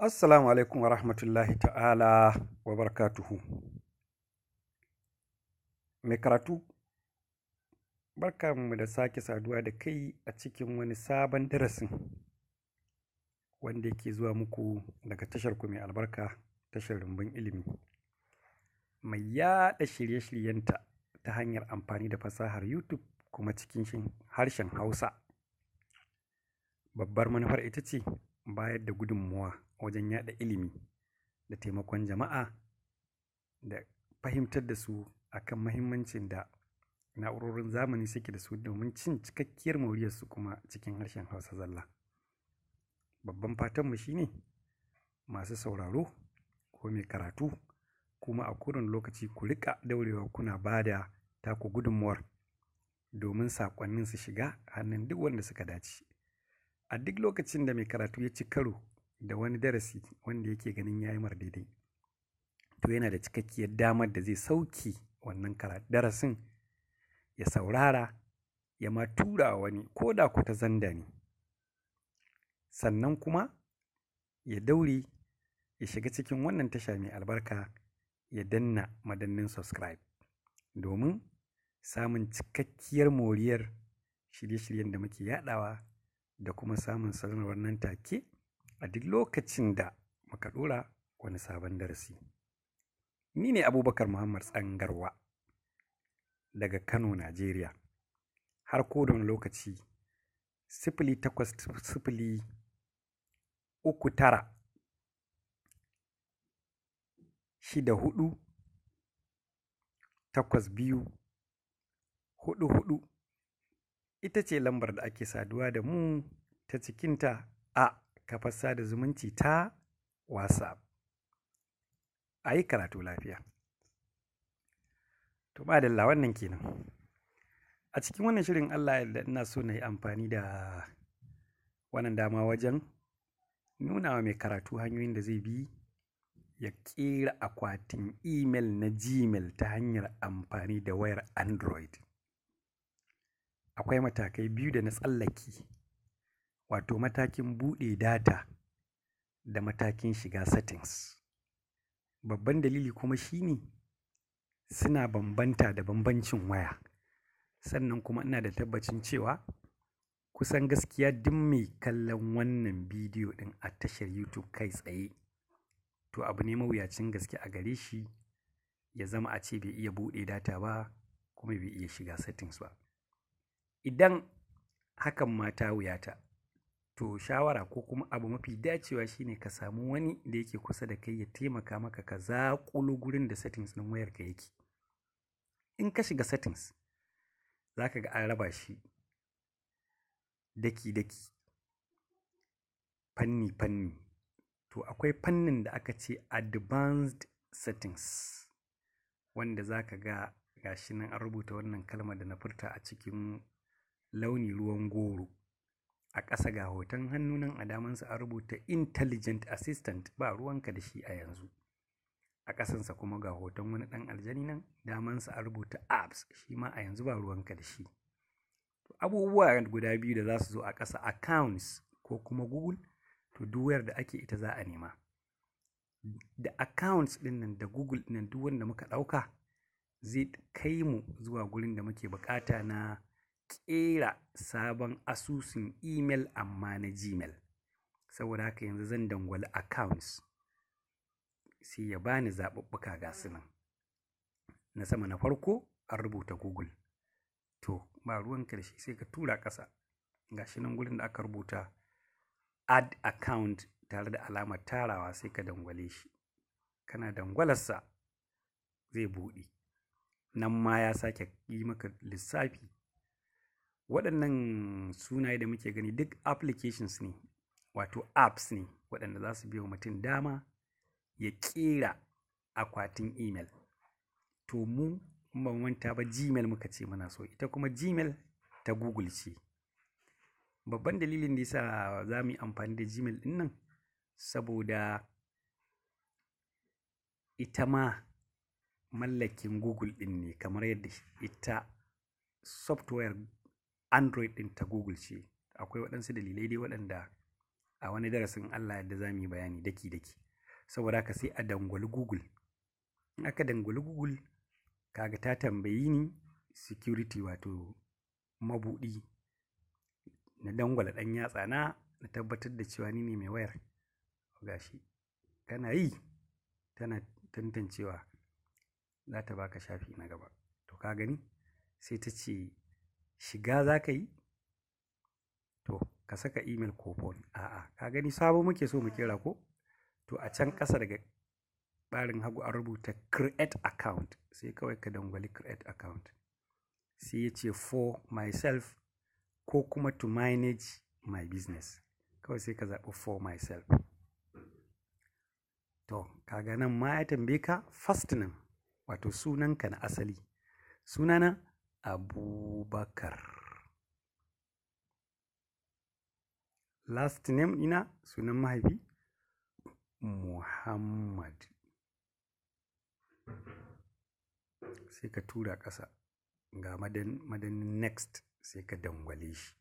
Assalamu alaikum wa rahmatullahi ta'ala wa barakatuhu. Mai karatu, Barka mu da sake saduwa da kai a cikin wani sabon darasin wanda yake zuwa muku daga tashar ku mai albarka tashar rumbun ilimi. Mai yaɗa shirye-shiryenta ta hanyar amfani da fasahar YouTube kuma cikin harshen Hausa. Babbar manufar ita ce bayar da gudunmuwa. wajen yaɗa ilimi da taimakon jama'a da fahimtar da su akan mahimmancin da na'urorin zamani suke da su domin cin cikakkiyar moriyarsu kuma cikin harshen hausa zalla babban fatanmu shine masu sauraro ko mai karatu kuma a kurin lokaci ku rika daurewa kuna ba da taku gudunmuwar domin saƙonnin su shiga hannun duk wanda suka dace a duk lokacin da mai karatu ya ci karo da wani darasi wanda yake ganin ya yi daidai to yana da cikakkiyar damar da zai sauki wannan darasin ya saurara ya ma tura wani ko da ku ta zanda ne sannan kuma ya daure ya shiga cikin wannan tasha mai albarka ya danna madannin subscribe domin samun cikakkiyar moriyar shirye-shiryen da muke yadawa da kuma samun sanarwar nan take a duk lokacin da muka ɗora wani sabon darasi. Ni ne Abubakar Muhammad Tsangarwa daga Kano, Najeriya. Har ko lokaci sifili takwas sifili uku tara shida hudu takwas biyu hudu hudu ita ce lambar da ake saduwa da mu ta cikinta a kafar sada zumunci ta WhatsApp. A yi karatu lafiya. To madalla wannan kenan. A cikin wannan shirin Allah da ina so na yi amfani da wannan dama wajen nuna wa mai karatu hanyoyin da zai bi ya ƙera akwatin imel na Gmail ta hanyar amfani da wayar Android. Akwai matakai biyu da na tsallaki wato matakin buɗe data da matakin shiga settings. Babban dalili kuma shine suna bambanta da bambancin waya. Sannan kuma ina da tabbacin cewa kusan gaskiya duk mai kallon wannan bidiyo ɗin a tashar YouTube kai tsaye, to abu ne mawuyacin gaske a gare shi ya zama a ce bai iya buɗe data ba kuma bai iya shiga settings ba. Idan hakan ma ta wuyata, to shawara ko kuma abu mafi dacewa shine ka samu wani da yake kusa da kai ya taimaka maka ka zaƙulu gurin da settings ɗin wayarka yake in ka shiga settings za ka ga an raba shi daki-daki fanni-fanni to akwai fannin da aka ce advanced settings wanda za ka ga gashi nan an rubuta wannan kalmar da na furta a cikin launi ruwan goro a ƙasa ga hoton hannu nan a damansa a rubuta intelligent assistant ba ruwanka da shi a yanzu a ƙasansa kuma ga hoton wani ɗan aljani nan damansa a rubuta apps shi ma a yanzu ba ruwanka da shi abubuwa guda biyu da za su zo a ƙasa accounts ko kuma google to duwayar da ake ita za a nema da accounts ɗin nan da google ɗin nan duk wanda muka ɗauka zai kai mu zuwa gurin da muke buƙata na ƙera sabon asusun email amma na Gmail. Saboda haka yanzu zan dangwali accounts sai ya bani zaɓuɓɓuka ga su nan. Na sama na farko an rubuta Google. To, ba ruwan karshe sai ka tura ƙasa. Ga shi nan gurin da aka rubuta add account tare da alamar tarawa sai ka dangwale shi. Kana dangwalarsa zai buɗe. Nan ma ya sake yi maka lissafi waɗannan sunaye da muke gani duk applications ne wato apps ne waɗanda za su biyo mutum dama ya ƙera akwatin email to mu ba manta ba gmail muka ce muna so ita kuma gmail ta google ce babban dalilin da yasa za mu yi amfani da gmail ɗin nan saboda ita ma mallakin google ɗin ne kamar yadda ita software Android ɗin ta Google ce. Akwai waɗansu dalilai dai waɗanda a wani darasin Allah yadda za mu yi bayani daki daki. Saboda haka sai a dangwali Google. In aka dangwali Google, kaga ta tambayi ni security wato mabuɗi. Na dangwala ɗan yatsa na, na tabbatar da cewa ni ne mai wayar. Gashi, kana yi, tana tantancewa. Za ta baka shafi na gaba. To ka gani? Sai ta ce shiga za ka yi to ka saka email ko phone a'a ka gani sabo muke so mu kira ko to a can ƙasa daga barin hagu an rubuta create account sai kawai ka dangwali create account sai ya ce for myself ko kuma to manage my business kawai sai ka zaɓi for myself to kaga nan ma ya tambaye ka first nan, wato sunanka na asali sunana Abubakar. Last name ɗina sunan mahaifi Muhammad. Sai ka tura ƙasa ga madan, next sai ka dangwale shi.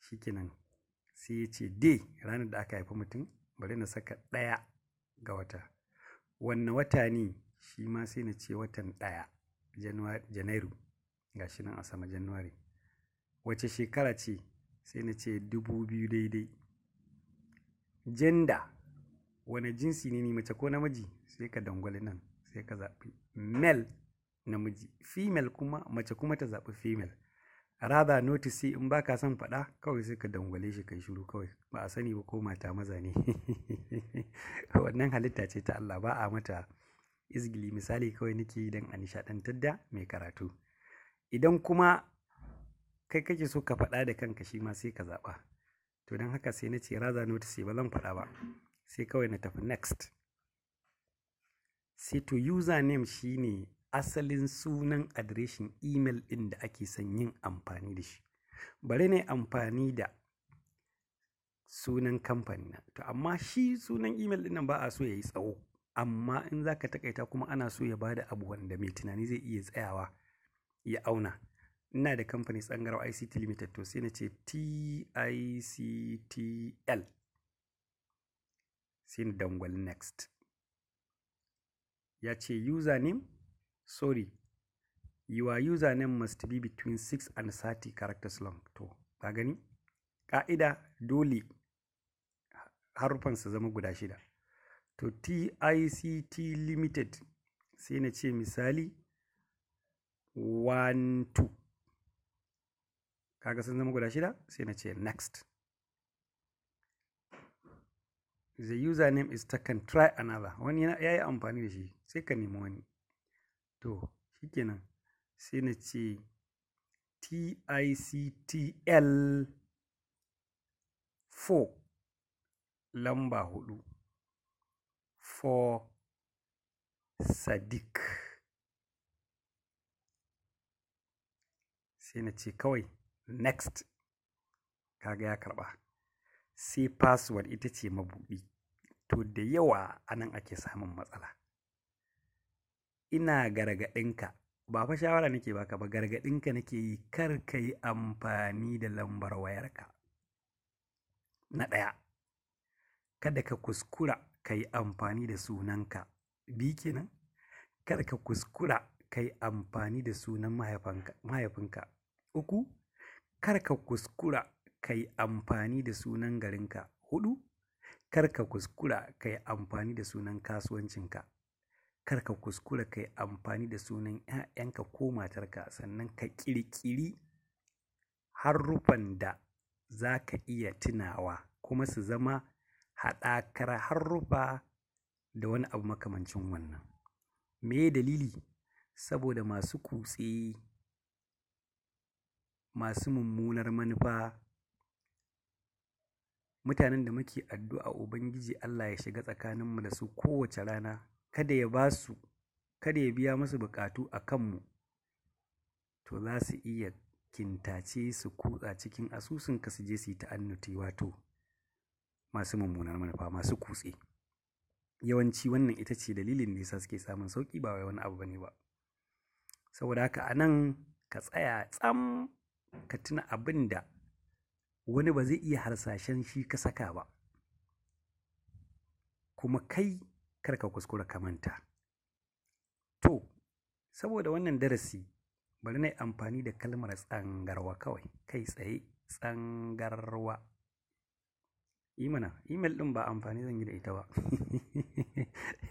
Shikenan sai ya ce dai ranar da aka haifi mutum bari na saka ɗaya ga wata. Wanne wata ne shi ma sai na ce watan ɗaya. janairu ga nan a sama january wace shekara ce sai na ce dubu biyu daidai janda wani jinsi ne mace ko namiji sai ka dangwale nan sai ka zaɓi mel namiji female kuma mace kuma ta zaɓi female rather notice in ba ka son faɗa kawai sai ka dangwale shi kai shiru kawai ba a sani ba ko mata maza ne wannan halitta ce ta Allah ba a mata izgili misali kawai nake yi don a nishaɗantar da mai karatu idan kuma kai kake so ka faɗa da kanka shi ma sai ka zaɓa to don haka sai na ce raza notice ba zan faɗa ba sai kawai na tafi next sai to username shine asalin sunan adireshin email ɗin da ake son yin amfani da shi bari ne amfani da sunan kamfani na to amma shi sunan email ɗin nan ba a so ya yi tsawo amma in za ka taƙaita kuma ana so ya bada abu wanda mai tunani zai iya tsayawa ya auna ina da kamfani tsangarau ict limited to sai na ce tictl sai na dangwal next ya ce username sorry your username must be between 6 and 30 characters long to ka gani Ka'ida dole harufansa zama guda shida to TICT Limited sai na ce misali 1-2 kaga sun zama guda shida sai na ce next the username is taken try another wani ya yi amfani da shi sai ka nemi wani to shikenan sai na ce TICTL 4 lamba hudu for Sadiq. Sai na ce kawai next kaga ya karɓa. Sai password ita ce mabuɗi. To da yawa anan ake samun matsala. Ina gargaɗinka ba fa shawara nake baka ba gargaɗinka nake yi kar ka yi amfani da lambar wayarka. Na ɗaya, kada ka kuskura ka yi amfani da sunanka bi kenan kada ka kuskura ka yi amfani da sunan mahaifinka uku kar ka kuskura ka yi amfani da sunan garinka hudu kar ka kuskura ka yi amfani da sunan kasuwancinka kar ka kuskura ka yi amfani da sunan 'ya'yanka ko matarka sannan ka ƙirƙiri harufan da za ka iya tunawa kuma su zama haɗakar haruffa da wani abu makamancin wannan. Me dalili? Saboda masu kutse, masu mummunar manufa, mutanen da muke addu'a Ubangiji Allah ya shiga tsakaninmu da su kowace rana, kada ya ba kada ya biya masu bukatu a kanmu, to za su iya kintace su kutsa cikin asusun su je su yi ta'annuti wato. masu mummunar manufa masu kutse yawanci wannan ita ce dalilin da yasa suke samun sauki ba wai wani abu bane ba saboda haka a nan ka tsaya tsam ka tuna abin da wani ba zai iya harsashen shi ka saka ba kuma kai kar ka kuskura ka manta to saboda wannan darasi bari na yi amfani da kalmar tsangarwa kawai kai tsaye tsangarwa imana mana, email ɗin ba amfani zan yi da ita ba.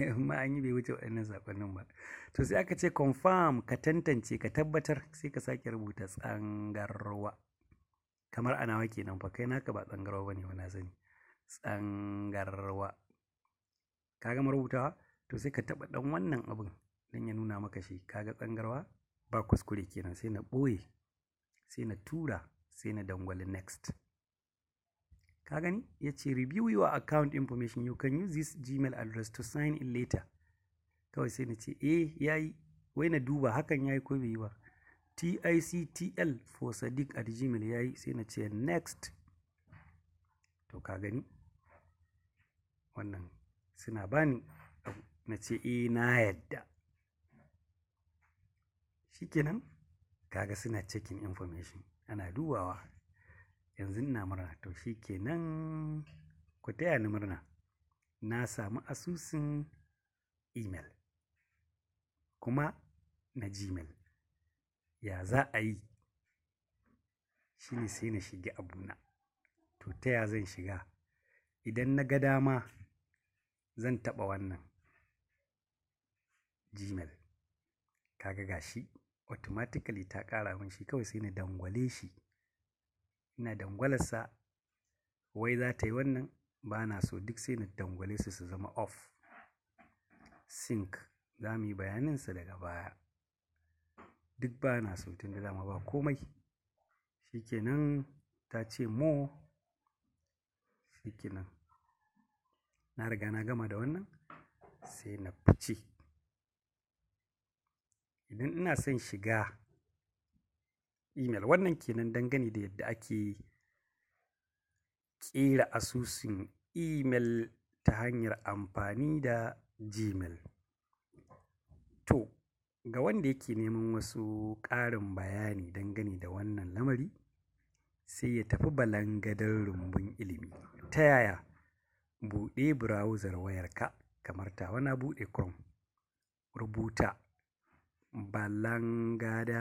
Amma an yi bai wuce waɗannan saƙonnin ba. To sai aka ce confirm ka tantance ka tabbatar sai ka sake rubuta tsangarwa. Kamar a nawa kenan fa kai naka ba tsangarwa bane ba na sani. Tsangarwa. Ka gama rubutawa? To sai ka taɓa ɗan wannan abun don ya nuna maka shi. kaga ga tsangarwa? Ba kuskure kenan sai na ɓoye, sai na tura, sai na dangwali next. ka gani ya ce review your account information you can use this gmail address to sign in later kawai sai na ce eh ya yi wai na duba hakan ya yi ko bai yi ba tictl for sadiq at gmail ya yi sai na ce next to ka gani wannan suna bani na ce eh na yadda shikenan kaga suna checking information ana dubawa yanzu na murna to shi kenan ku taya ni murna na samu asusun email kuma na gmail ya za a yi shi ne sai na shiga abuna to taya zan shiga idan na ga dama zan taɓa wannan gmail kaga gashi automatically ta ƙara min shi kawai sai na dangwale shi ina dangwalarsa wai za ta yi wannan ba na so duk sai na dangwale su su zama off Sink za mu yi bayaninsa daga baya duk ba na so tun da dama ba komai shikenan ta ce mo shikenan na riga na gama da wannan sai na fice idan ina son shiga email wannan kenan dangane da yadda ake kera asusun email ta hanyar amfani da gmail to ga wanda yake neman wasu ƙarin bayani dangane da wannan lamari sai ya tafi balangadar rumbun ilimi ta yaya buɗe browser wayarka kamar tawana wana buɗe chrome rubuta balangada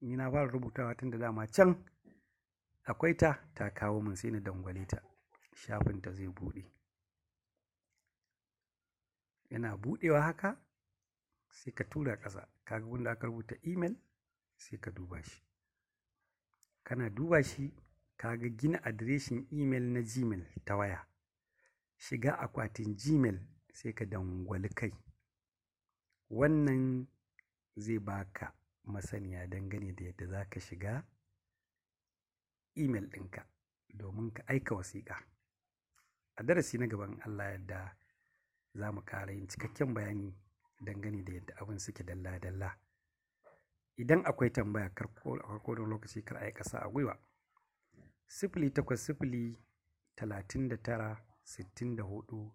ni na fara rubutawa tun da dama can akwai ta ta kawo min sai na dangwale ta shafin ta zai buɗe yana buɗewa haka sai ka tura ƙasa kaga wanda aka rubuta email sai ka duba shi kana duba shi kaga gina adireshin email na gmail ta waya shiga akwatin gmail sai ka dangwali kai wannan zai baka masaniya dangane da yadda za ka shiga imel ɗinka domin ka aika wasiƙa. A darasi na gaban Allah yadda za mu ƙara yin cikakken bayani dangane da yadda abin suke dalla-dalla. Idan akwai tambaya karko a lokaci kar a yi ƙasa a gwiwa. Sifili takwas sifili talatin da tara sittin da hudu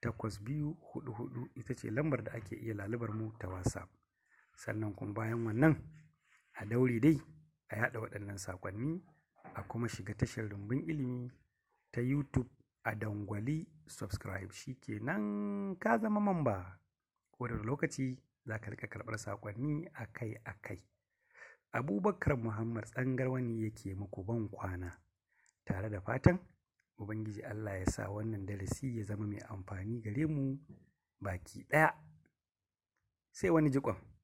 takwas biyu hudu hudu ita ce lambar da ake iya lalubar mu ta WhatsApp. sannan kuma bayan wannan a daure dai a yaɗa waɗannan sakonni, a kuma shiga tashar rumbun ilimi ta youtube a dangwali subscribe shi kenan ka zama mamba da lokaci za ka rika karɓar sakonni akai-akai abubakar muhammad tsangarwani yake muku ban kwana tare da fatan ubangiji allah ya sa wannan darasi ya zama mai amfani gare mu baki ɗaya sai wani jikon